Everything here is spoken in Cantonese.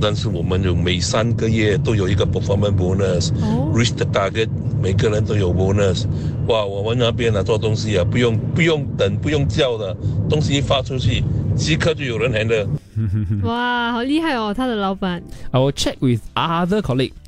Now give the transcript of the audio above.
但是我們有每三個月都有一個 performance bonus，reach the target，每個人都有 bonus。哇，我們那邊啊做東西啊，不用不用等，不用叫的，東西一發出去即刻就有人嚟啦。哇，好厲害哦，他的老板。啊，I will check with other colleagues。